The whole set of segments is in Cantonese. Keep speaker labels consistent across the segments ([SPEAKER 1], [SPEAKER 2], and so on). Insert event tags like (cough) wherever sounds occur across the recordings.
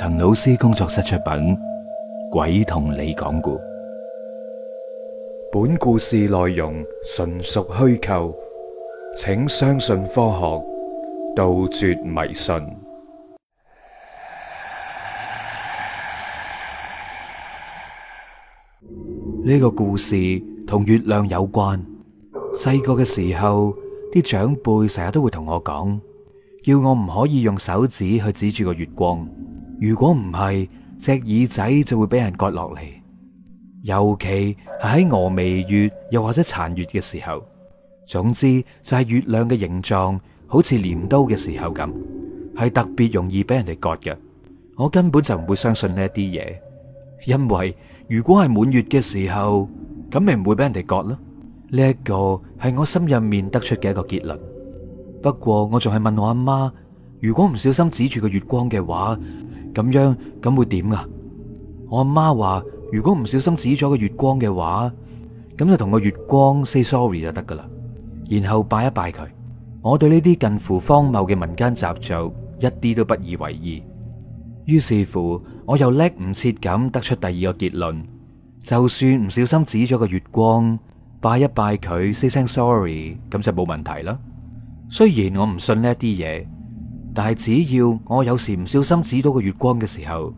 [SPEAKER 1] 陳老師工作室出品《鬼同你講故》，本故事內容純屬虛構，請相信科學，杜絕迷信。呢 (noise) 個故事同月亮有關。細個嘅時候，啲長輩成日都會同我講，叫我唔可以用手指去指住個月光。如果唔係，隻耳仔就會俾人割落嚟。尤其係喺峨眉月，又或者殘月嘅時候，總之就係月亮嘅形狀好似鐮刀嘅時候咁，係特別容易俾人哋割嘅。我根本就唔會相信呢一啲嘢，因為如果係滿月嘅時候，咁咪唔會俾人哋割咯。呢一個係我心入面得出嘅一個結論。不過我仲係問我阿媽，如果唔小心指住個月光嘅話。咁樣咁會點啊？我阿媽話，如果唔小心指咗個月光嘅話，咁就同個月光 say sorry 就得噶啦，然後拜一拜佢。我對呢啲近乎荒謬嘅民間習俗一啲都不以為意。於是乎，我又叻唔切咁得出第二個結論：就算唔小心指咗個月光，拜一拜佢 say 聲 sorry，咁就冇問題啦。雖然我唔信呢一啲嘢，但係只要我有時唔小心指到個月光嘅時候，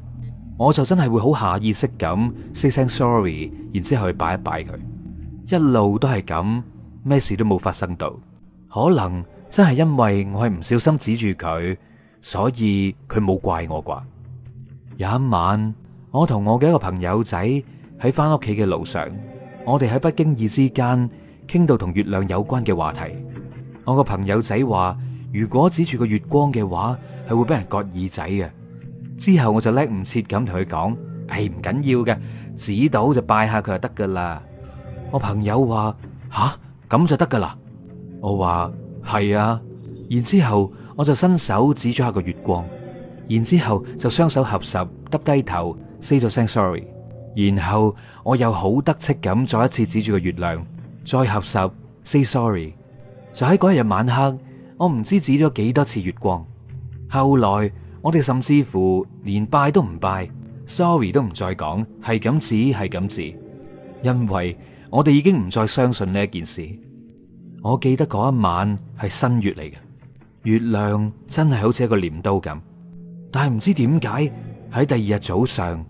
[SPEAKER 1] 我就真係會好下意識咁 say 聲 sorry，然之後去拜一拜佢，一路都係咁，咩事都冇發生到。可能真係因為我係唔小心指住佢，所以佢冇怪我啩？有一晚，我同我嘅一個朋友仔喺翻屋企嘅路上，我哋喺不經意之間傾到同月亮有關嘅話題。我個朋友仔話。如果指住個月光嘅話，係會俾人割耳仔嘅。之後我就叻唔切咁同佢講：，誒、哎，唔緊要嘅，指到就拜下佢就得噶啦。我朋友話：，吓咁就得噶啦？我話係啊。然之後我就伸手指咗下個月光，然之後就雙手合十，耷低頭，say 咗聲 sorry。然後我又好得戚咁，再一次指住個月亮，再合十，say sorry。就喺嗰日晚黑。我唔知指咗幾多次月光，後來我哋甚至乎連拜都唔拜，sorry 都唔再講，係咁指，係咁指，因為我哋已經唔再相信呢一件事。我記得嗰一晚係新月嚟嘅，月亮真係好似一個鐮刀咁，但係唔知點解喺第二日早上，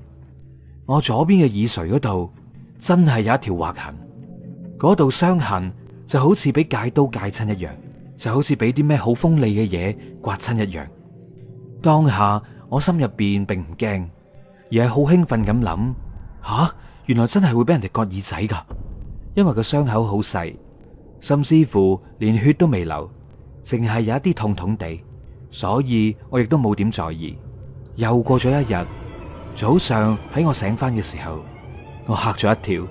[SPEAKER 1] 我左邊嘅耳垂嗰度真係有一條劃痕，嗰道傷痕就好似俾戒刀戒親一樣。就好似俾啲咩好鋒利嘅嘢刮親一樣。當下我心入邊並唔驚，而係好興奮咁諗：吓、啊，原來真係會俾人哋割耳仔噶！因為個傷口好細，甚至乎連血都未流，淨係有一啲痛痛地，所以我亦都冇點在意。又過咗一日，早上喺我醒翻嘅時候，我吓咗一跳，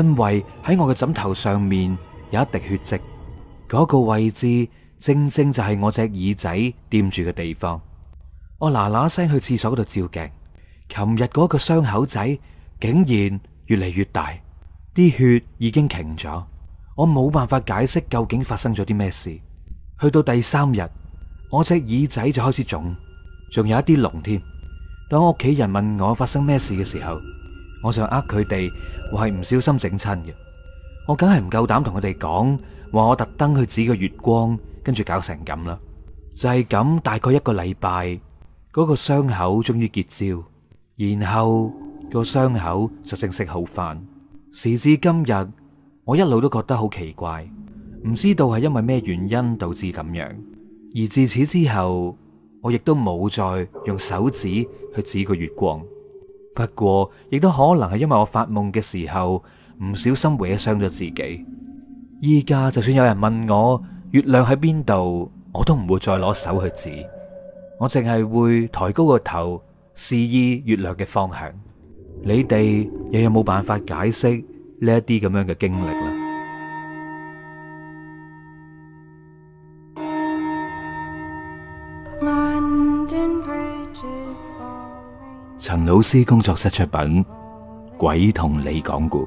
[SPEAKER 1] 因為喺我嘅枕頭上面有一滴血跡。嗰個位置正正就係我隻耳仔掂住嘅地方，我嗱嗱聲去廁所嗰度照鏡，琴日嗰個傷口仔竟然越嚟越大，啲血已經停咗，我冇辦法解釋究竟發生咗啲咩事。去到第三日，我隻耳仔就開始腫，仲有一啲膿添。當屋企人問我發生咩事嘅時候，我就呃佢哋我係唔小心整親嘅，我梗係唔夠膽同佢哋講。話我特登去指個月光，跟住搞成咁啦，就係、是、咁大概一個禮拜，嗰、那個傷口終於結焦，然後、那個傷口就正式好返。時至今日，我一路都覺得好奇怪，唔知道係因為咩原因導致咁樣。而自此之後，我亦都冇再用手指去指個月光。不過，亦都可能係因為我發夢嘅時候唔小心搲傷咗自己。依家就算有人問我月亮喺邊度，我都唔會再攞手去指，我淨係會抬高個頭示意月亮嘅方向。你哋又有冇辦法解釋呢一啲咁樣嘅經歷呢？陳老師工作室出品，鬼同你講古。